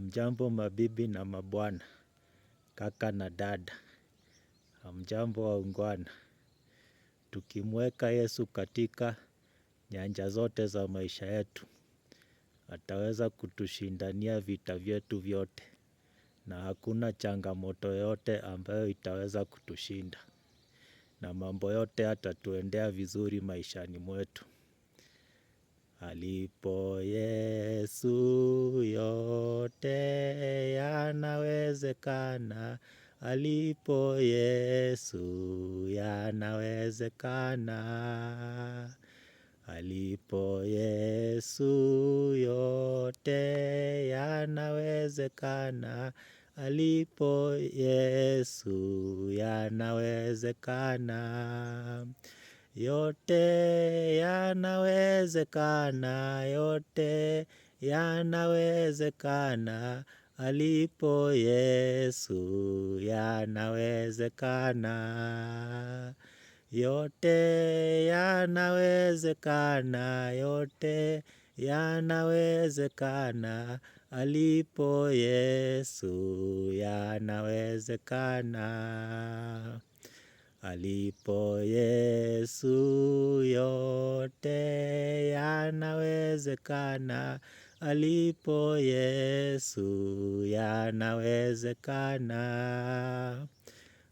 Hamjambo mabibi na mabwana, kaka na dada. Hamjambo waungwana. Tukimweka Yesu katika nyanja zote za maisha yetu. Ataweza kutushindania vita vyetu vyote. Na hakuna changamoto yoyote ambayo itaweza kutushinda. Na mambo yote yatatuendea vizuri maishani mwetu. Alipo Yesu yote yanawezekana. Alipo Yesu yanawezekana. Alipo Yesu yote yanawezekana. Alipo Yesu yanawezekana. Yote yanawezekana, yote yanawezekana, alipo Yesu yanawezekana. Yote yanawezekana, yote yanawezekana, alipo Yesu yanawezekana. Alipo Yesu yote yanawezekana. Alipo Yesu yanawezekana.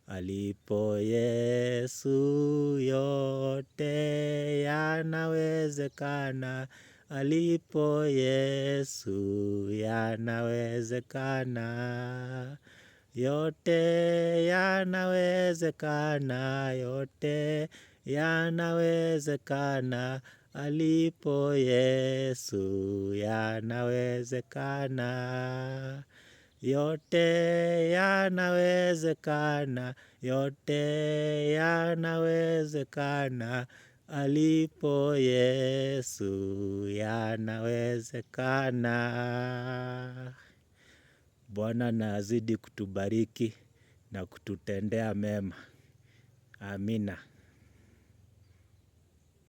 Alipo Yesu yote yanawezekana. Alipo Yesu yanawezekana. Yote yanawezekana, yote yanawezekana, alipo Yesu yanawezekana. Yote yanawezekana, yote yanawezekana, alipo Yesu yanawezekana. Bwana na azidi kutubariki na kututendea mema. Amina.